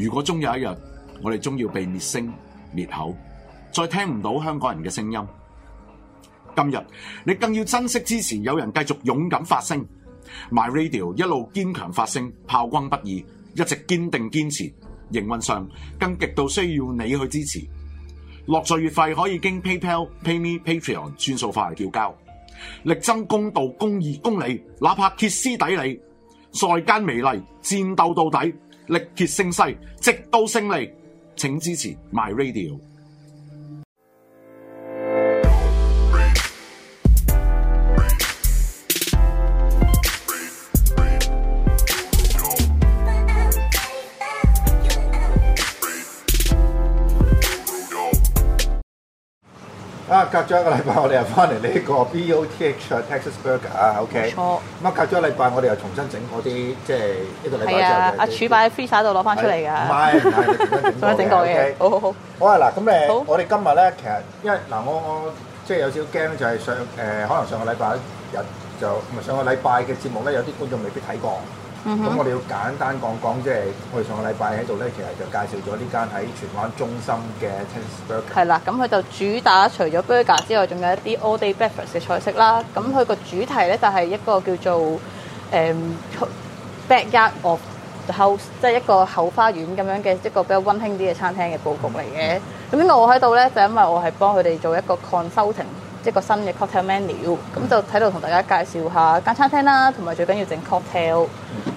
如果終有一日，我哋終要被滅聲滅口，再聽唔到香港人嘅聲音。今日你更要珍惜支持，有人繼續勇敢發聲，My Radio 一路堅強發聲，炮轟不已，一直堅定堅持。營運上更極度需要你去支持。落座月費可以經 PayPal、PayMe、Patreon 轉數化嚟繳交。力爭公道、公義、公理，哪怕歇斯底里，在間美麗，戰鬥到底。力竭勝勢，直到勝利。請支持 My Radio。隔咗一個禮拜，我哋又翻嚟呢個 B O T H Texas Burger 啊，OK？錯。咁啊，隔咗一個禮拜，我哋又重新整嗰啲，即係一個禮拜之後，阿柱擺喺 Freezer 度攞翻出嚟噶。唔係唔係，重新整過嘅。好好好。好話嗱，咁誒，我哋今日咧，其實因為嗱，我我即係有少驚咧，就係上誒，可能上個禮拜日就唔係上個禮拜嘅節目咧，有啲觀眾未必睇過。咁、嗯、我哋要簡單講講，即、就、係、是、我哋上個禮拜喺度咧，其實就介紹咗呢間喺荃灣中心嘅 Texas Burger。係啦，咁佢就主打除咗 burger 之外，仲有一啲 all day breakfast 嘅菜式啦。咁佢個主題咧就係一個叫做誒、嗯、Backyard of the House 即係一個後花園咁樣嘅、就是、一個比較温馨啲嘅餐廳嘅佈局嚟嘅。咁、嗯、我喺度咧就是、因為我係幫佢哋做一個 consulting，即係個新嘅 cocktail menu，咁就喺度同大家介紹下間餐廳啦，同埋最緊要整 cocktail。嗯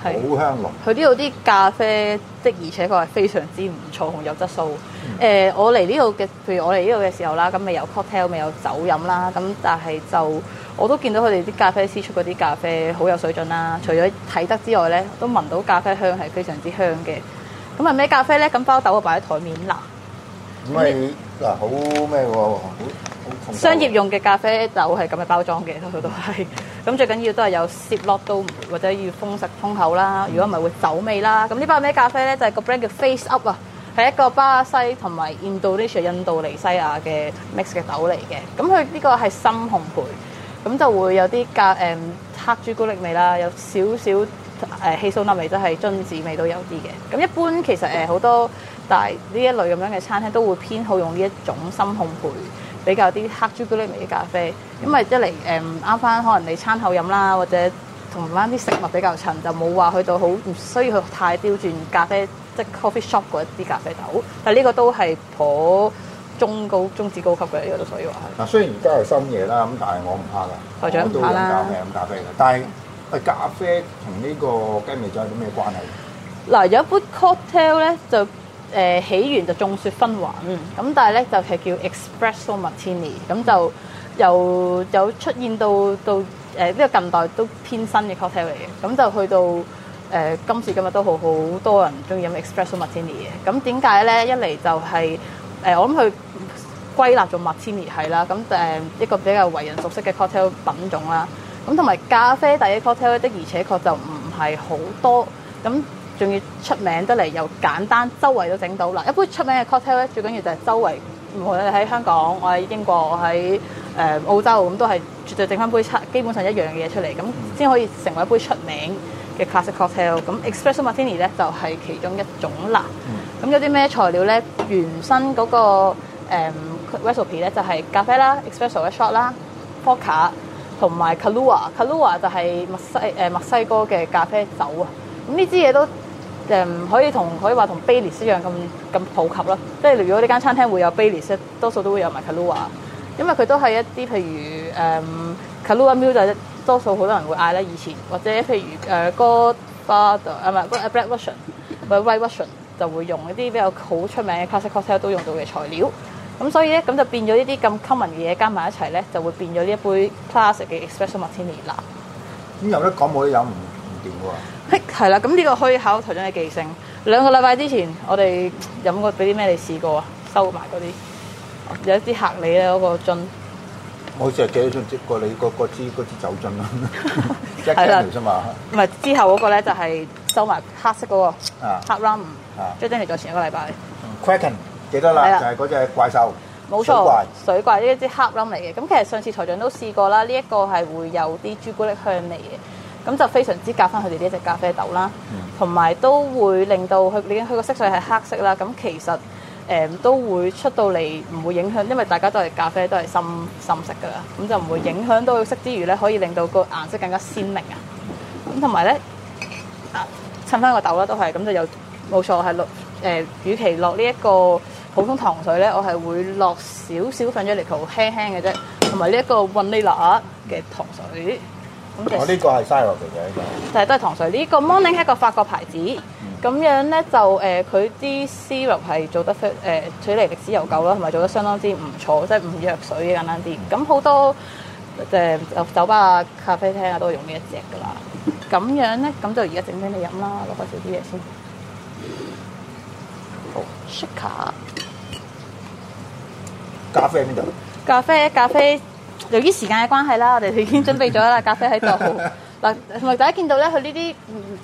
好是香濃！佢呢度啲咖啡，的而且確係非常之唔錯仲有質素。誒、嗯呃，我嚟呢度嘅，譬如我嚟呢度嘅時候啦，咁咪有 cocktail，咪有酒飲啦。咁但係就我都見到佢哋啲咖啡師出嗰啲咖啡好有水準啦。除咗睇得之外咧，都聞到咖啡香係非常之香嘅。咁係咩咖啡咧？咁包豆啊，擺喺台面嗱。咁係嗱，好咩喎？商業用嘅咖啡豆係咁嘅包裝嘅，都都係。嗯。咁最緊要都係有 zip lock 到，ome，或者要封實封口啦。如果唔係會走味啦。咁呢包咩咖啡咧就係、是、個 brand 叫 Face Up 啊，係一個巴西同埋印度尼西亞嘅 mix 嘅豆嚟嘅。咁佢呢個係深烘焙，咁就會有啲咖誒黑朱古力味啦，有少少誒黑蘇打味，都係榛子味都有啲嘅。咁一般其實誒好、呃、多大呢一類咁樣嘅餐廳都會偏好用呢一種深烘焙。比較啲黑朱古力味嘅咖啡，因為一嚟誒啱翻可能你餐後飲啦，或者同翻啲食物比較襯，就冇話去到好唔需要去太刁鑽咖啡，即係 coffee shop 嗰啲咖啡豆。但係呢個都係頗中高、中至高級嘅呢、這個，所以話係。嗱，雖然而家係深夜啦，咁但係我唔怕㗎，怕了我都飲咖啡飲咖啡㗎。但係咖啡同呢但、嗯、個雞尾酒有啲咩關係？嗱，有一杯 cocktail 咧就。誒起源就眾說紛紜，咁但係咧就係叫 Espresso Martini，咁就由有出現到到誒呢個近代都偏新嘅 cocktail 嚟嘅，咁就去到誒今時今日都好好多人中意飲 Espresso Martini 嘅，咁點解咧？一嚟就係誒我諗佢歸納咗 Martini 係啦，咁誒一個比較為人熟悉嘅 cocktail 品種啦，咁同埋咖啡底嘅 cocktail 的而且確就唔係好多咁。仲要出名得嚟又簡單，周圍都整到啦。一杯出名嘅 cocktail 咧，最緊要就係周圍無論喺香港、我喺英國、我喺誒澳洲咁，都係絕對整翻杯差，基本上一樣嘅嘢出嚟，咁先可以成為一杯出名嘅 classic cocktail。咁 Espresso Martini 咧就係其中一種啦。咁有啲咩材料咧？原生嗰個誒 recipe 咧就係咖啡啦，espresso shot 啦，伏特加同埋 calua。calua 就係墨西誒墨西哥嘅咖啡酒啊。咁呢支嘢都～唔可以同可以話同 Baileys 一樣咁咁普及咯，即係如果呢間餐廳會有 Baileys 咧，多數都會有埋 Kahlua、ah, 因為佢都係一啲譬如誒 Kahlua、嗯、Mule 就多數好多人會嗌啦。以前或者譬如誒、呃、Godfather 啊唔係 God a Black Russian 唔係 White Russian 就會用一啲比較好出名嘅 classic cocktail 都用到嘅材料，咁所以咧咁就變咗呢啲咁 common 嘅嘢加埋一齊咧，就會變咗呢一杯 classic 嘅 Espresso Martini 啦。咁有得講冇得飲。係啦，咁呢、嗯、個可以考台長嘅記性。兩個禮拜之前，我哋飲過俾啲咩你試過那些你那啊？收埋嗰啲有一支黑你咧嗰個樽，我好似係幾多樽接過你嗰支支酒樽，一樽啫嘛。唔係之後嗰個咧就係收埋黑色嗰、那個黑冧，即係精靈。啊、再前一個禮拜，Kraken 記得啦，了就係嗰隻怪獸，冇錯錯，水怪，水怪呢啲黑冧嚟嘅。咁其實上次台長都試過啦，呢、這、一個係會有啲朱古力香味嘅。咁就非常之夾翻佢哋呢一隻咖啡豆啦，同埋都會令到佢，你佢個色水係黑色啦。咁其實誒都會出到嚟，唔會影響，因為大家都係咖啡，都係深深色噶啦。咁就唔會影響到色之餘咧，可以令到個顏色更加鮮明啊！咁同埋咧，襯翻個豆啦，都係咁就有冇錯係落誒，與其落呢一個普通糖水咧，我係會落少少粉漿力圖輕輕嘅啫，同埋呢一個溫尼拿嘅糖水。我呢、就係哦呢個係生椰味嘅呢個，就係都係糖水。呢、呢個 Morning 係個法國牌子，咁樣咧就誒，佢啲 syrup 係做得出、呃、取嚟歷史悠久啦，同埋做得相當之唔錯，即係唔弱水簡單啲。咁好多誒酒、呃、酒吧啊、咖啡廳啊都係用呢一呢呢呢一隻噶啦。咁樣咧，咁就而家整俾你飲啦，落返少啲嘢先。好，Shaker 咖啡喺邊度？咖啡，咖啡。由於時間嘅關係啦，我哋已經準備咗啦咖啡喺度。嗱， 大家見到咧，佢呢啲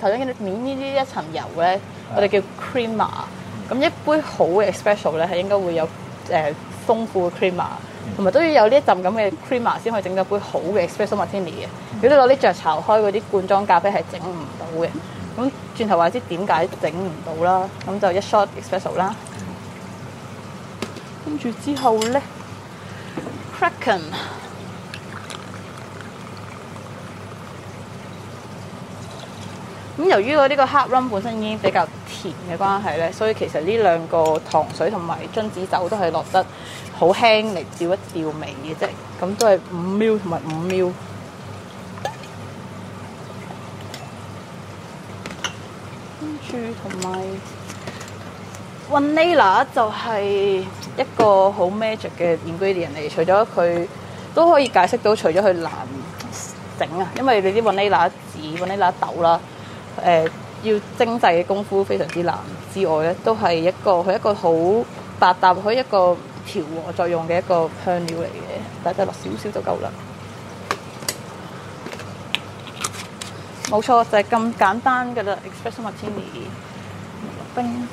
頭先見到面呢啲一層油咧，Yeah. 我哋叫 crema 咁一杯好嘅 espresso 咧，係應該會有誒豐富嘅 crema 同埋都要有呢一陣咁嘅 crema 先可以整到杯好嘅 Espresso Martini 嘅。如果你攞啲雀巢開嗰啲罐裝咖啡係整唔到嘅。咁轉頭話知點解整唔到啦？咁就一 shot espresso 啦。跟住之後咧，cracken。Cr 咁由於我呢個黑 rum 本身已經比較甜嘅關係咧，所以其實呢兩個糖水同埋榛子酒都係落得好輕嚟，調一調味嘅啫。咁都係五 ml，同埋五 ml。跟住同埋 vanilla 就係一個好 magic 嘅 ingredient 嚟，除咗佢都可以解釋到，除咗佢難整啊，因為你啲 vanilla 籽、vanilla 豆啦。誒要精細嘅功夫非常之難之外咧，都係一個佢一個好百搭，佢一個調和作用嘅一個香料嚟嘅，大家落少少就夠啦。冇 錯，就係、是、咁簡單嘅啦。Espresso Martini，你， 落、so、冰。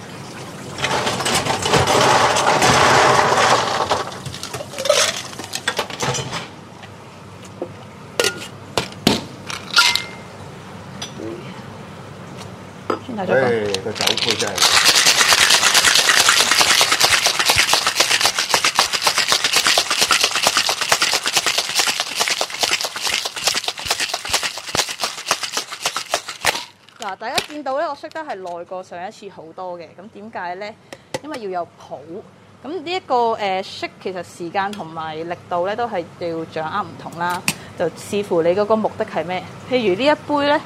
誒個、哎、酒杯真係，嗱、哎、大家見到咧，我識得係耐過上一次好多嘅。咁點解咧？因為要有泡。咁呢一個誒識，其實時間同埋力度咧，都係要掌握唔同啦。就視乎你嗰個目的係咩。譬如呢一杯咧。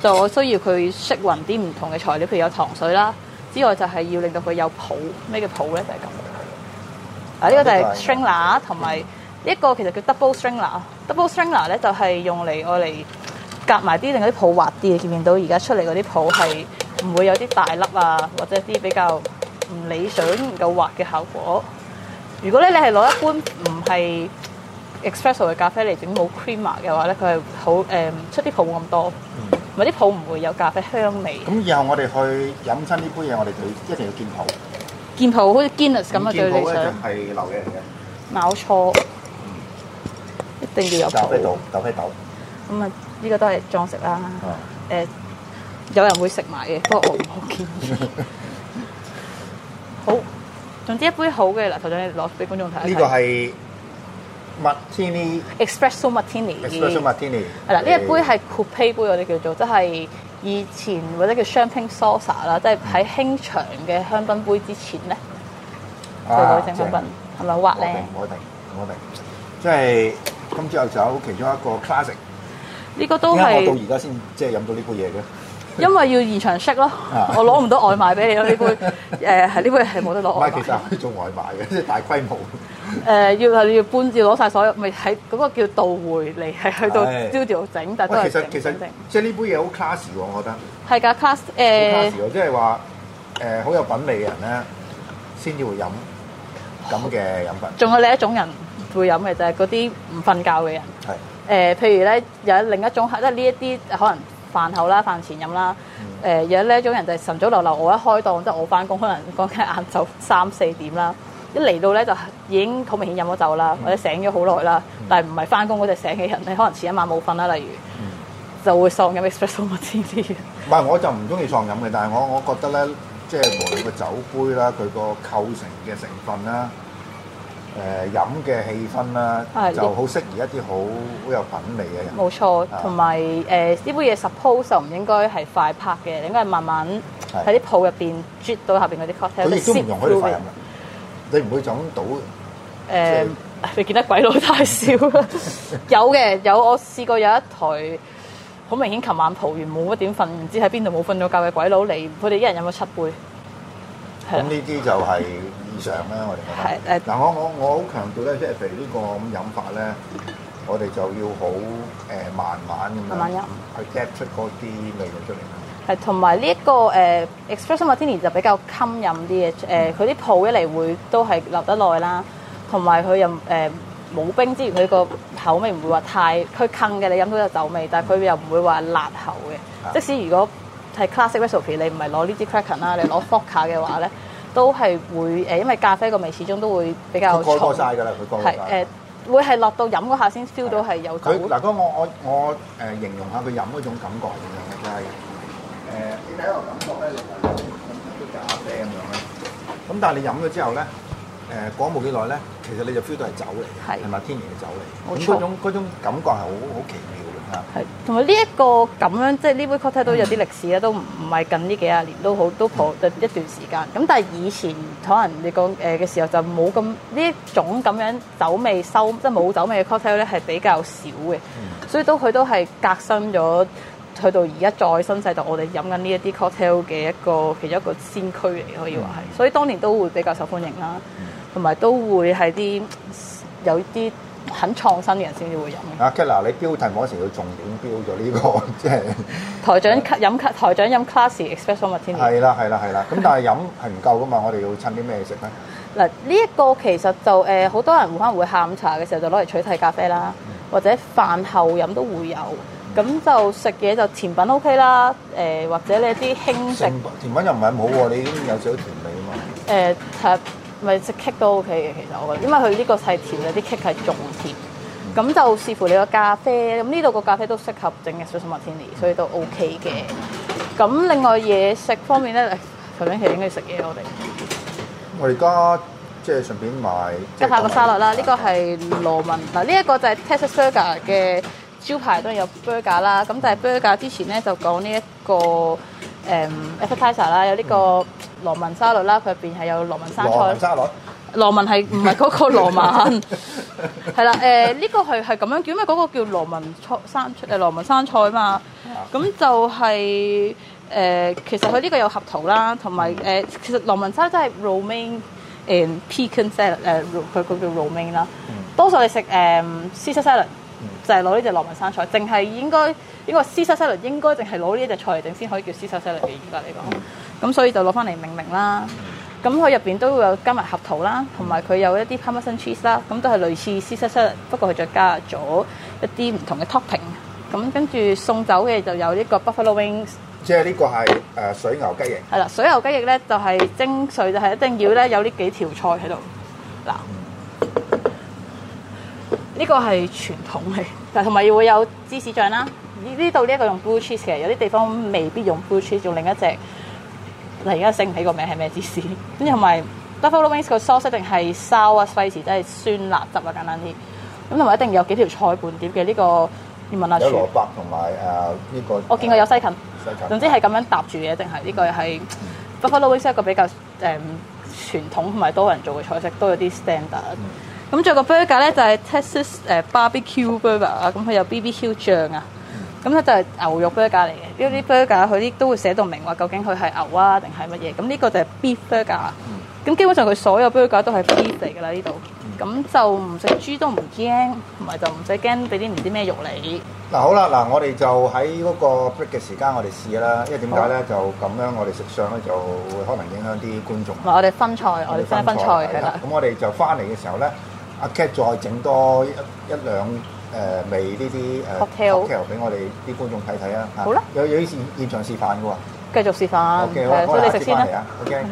就我需要佢 shake 勻啲唔同嘅材料，譬如有糖水啦，之外就係要令到佢有泡。咩叫泡咧？就係、是、咁。啊，呢個就係 stringer，同埋一、啊、個其實叫 string、er 嗯、double stringer。double stringer 咧就係用嚟我嚟夾埋啲，令嗰啲泡滑啲。見唔見到而家出嚟嗰啲泡係唔會有啲大粒啊，或者啲比較唔理想、唔夠滑嘅效果？如果咧你係攞一般唔係 espresso 嘅咖啡嚟整冇 creamer 嘅話咧，佢係好誒出啲泡冇咁多。嗯唔係啲泡唔會有咖啡香味。咁以後我哋去飲親呢杯嘢，我哋就要一定要見泡。見泡好似 Guinness 咁啊，最理想。見泡咧就係流嘅。冇錯，一定要有泡。咖啡豆，咖啡豆。咁啊，呢個都係裝飾啦。誒，有人會食埋嘅，不過我唔好見。好，總之一杯好嘅嗱，頭先你攞俾觀眾睇。呢個係。Martini, Espresso Martini。Espresso Martini。係啦，呢一杯係 Coupe 杯，我哋叫做即係以前或者叫 Champagne Saucer 啦，即係喺輕長嘅香檳杯之前咧。正即係。係咪滑咧？唔明，定？唔我定？即係今朝有酒其中一個 Classic。呢個都係。我到而家先即係飲到呢杯嘢嘅。因為要現場 shake 咯，我攞唔到外賣俾你啦，呢杯。誒，係呢杯係冇得攞。唔係，其實可以做外賣嘅，即係大規模。誒要係要半要攞曬所有，咪喺嗰個叫倒回嚟，係去到 studio 整，但都係。其實其實即係呢杯嘢好 class 喎，我覺得係㗎 class 誒。class 喎，即係話誒好有品味嘅人咧，先至會飲咁嘅飲品。仲有另一種人會飲嘅就係嗰啲唔瞓覺嘅人。係誒，譬如咧有另一種係，即係呢一啲可能飯後啦、飯前飲啦。誒有另一種人就係晨早流流，我一開檔即係我翻工，可能講緊晏晝三四點啦。一嚟到咧就已經好明顯飲咗酒啦，嗯、或者醒咗好耐啦。嗯、但係唔係翻工嗰隻醒嘅人咧，可能前一晚冇瞓啦。例如、嗯、就會喪飲 express 送我黐線。唔係，我就唔中意喪飲嘅。但係我我覺得咧，即、就、係、是、無論個酒杯啦，佢個構成嘅成分啦，誒、呃、飲嘅氣氛啦，嗯、就好適宜一啲好好有品味嘅人。冇、嗯、錯，同埋誒呢杯嘢 suppose 就唔應該係快拍嘅，你應該係慢慢喺啲鋪入邊啜到下邊啲 coffee。佢哋都唔用嗰啲你唔會撞到誒？你見得鬼佬太少啦！有嘅，有，我試過有一台好明顯琴晚蒲完冇乜點瞓，唔知喺邊度冇瞓到覺嘅鬼佬嚟，佢哋一人飲咗七杯。咁呢啲就係異常啦，我哋覺得。係誒，嗱我我我好強調咧，即係譬如呢個咁飲法咧，我哋就要好誒慢慢咁慢慢飲，去 get 出嗰啲味嘅出嚟。同埋呢一個誒、呃、Espresso Martini 就比較襟飲啲嘅誒，佢啲泡一嚟會都係留得耐啦，同埋佢又誒冇、呃、冰之餘，佢個口味唔會話太佢襟嘅，你飲到有酒味，但係佢又唔會話辣口嘅。是的 即使如果係 classic recipe，你唔係攞呢啲 cracken 啦，你攞 f o 伏卡嘅話咧，都係會誒、呃，因為咖啡個味始終都會比較。過晒㗎啦，佢講。係誒、呃，會係落到飲嗰下先 feel 到係有。佢嗱，咁我我我誒、呃、形容一下佢飲嗰種感覺點樣咧，就係誒，你第一個感覺咧，你就飲出啲咖啡咁樣咧。咁但係你飲咗之後咧，誒講冇幾耐咧，其實你就 feel 到係酒嚟嘅，係咪天然嘅酒嚟？冇錯。咁嗰種嗰種感覺係好好奇妙㗎嚇。係。同埋呢一個咁樣，即係呢杯 cocktail 都有啲歷史啦，都唔係近呢幾廿年，都好都過一段時間。咁但係以前可能你講誒嘅時候就冇咁呢種咁樣酒味收，即係冇酒味嘅 cocktail 咧係比較少嘅。嗯。所以都佢都係革新咗。去到而家再新世代，我哋飲緊呢一啲 cocktail 嘅一個其中一個先驅嚟，可以話係，所以當年都會比較受歡迎啦，同埋都會係啲有啲很創新嘅人先至會飲。啊，嗱，你標題嗰時要重點標咗呢個，即係台長飲 台長飲 classic espresso martini 係啦，係啦，係啦。咁但係飲係唔夠噶嘛， 我哋要襯啲咩食咧？嗱，呢一個其實就誒，好多人可能會下午茶嘅時候就攞嚟取替咖啡啦，或者飯後飲都會有。咁就食嘢就甜品 O K 啦，誒或者你啲輕食甜品又唔係冇喎，你已經有少少甜味啊嘛。誒係咪食 cake 都 O K 嘅？其實我覺得，因為佢呢個係甜，有啲 cake 係重甜。咁就視乎你個咖啡，咁呢度個咖啡都適合整嘅小小 martini，所以都 O K 嘅。咁另外嘢食方面咧，頭先其實應該食嘢，我哋。我而家即係順便買即係下個沙律啦，呢個係羅文嗱，呢一個就係 test sugar 嘅。招牌當然有 burger 啦，咁但係 burger 之前咧就講呢一個誒 appetizer 啦，嗯嗯、有呢個羅文沙律啦，佢入邊係有羅文生菜。羅文沙律，羅文係唔係嗰個 羅文？係啦， 誒、呃、呢、呢個係係咁樣叫咩？嗰個叫羅文生、羅文生菜嘛。咁、啊、就係、是呃、其實佢呢個有合桃啦，同埋、呃、其實羅文沙真係 romaine、呃、pea salad 佢、呃、個叫 romaine 啦。多數我食 Caesar salad。呃就係攞呢隻羅馬生菜，淨係應該呢個 Caesar Salad，應該淨係攞呢一隻菜嚟定先可以叫 Caesar Salad 嘅。而家嚟講，咁、這個、所以就攞翻嚟命名啦。咁佢入邊都會有加埋合桃啦，同埋佢有一啲 Parmesan Cheese 啦，咁都係類似 Caesar Salad，不過佢再加咗一啲唔同嘅 topping。咁跟住送走嘅就有呢個 Buffalo Wings，即係呢個係誒水牛雞翼。係啦，水牛雞翼咧就係精髓，就係、是就是、一定要咧有呢幾條菜喺度嗱。呢個係傳統嘅，但係同埋會有芝士醬啦。呢度呢一個用 blue cheese 嘅，有啲地方未必用 blue cheese，用另一隻。你而家醒唔起個名係咩芝士？跟住同埋 buffalo wings 個 sauce 一定係 sour spice 即係酸辣汁啊簡單啲。咁同埋一定有幾條菜伴碟嘅呢個要問下。有蘿蔔同埋誒呢個。啊這個、我見過有西芹。西芹總之係咁樣搭住嘅，定係呢個係 buffalo wings 一個比較誒傳、嗯、統同埋多人做嘅菜式，都有啲 standard、mm。Hmm. 咁最個 burger 咧就係 Texas 誒 BBQ burger 啊 BB，咁佢有 BBQ 醬啊，咁咧就係牛肉 burger 嚟嘅。因為啲 burger 佢啲都會寫到明話究竟佢係牛啊定係乜嘢。咁呢個就係 beef burger。咁基本上佢所有 burger 都係 beef 嚟㗎啦，呢度。咁就唔食豬都唔驚，同埋就唔使驚俾啲唔知咩肉嚟。嗱好啦，嗱我哋就喺嗰個 break 嘅時間，我哋試啦。因為點解咧就咁樣我哋食相咧就會可能影響啲觀眾。嗱我哋分菜，我哋分分菜係啦。咁我哋的的就翻嚟嘅時候咧。阿 Cat 再整多一、一兩誒味呢啲誒 cocktail 俾我哋啲觀眾睇睇啊！好啦，有有啲現場示範嘅喎，繼續示範，所以你食先啦。好嘅。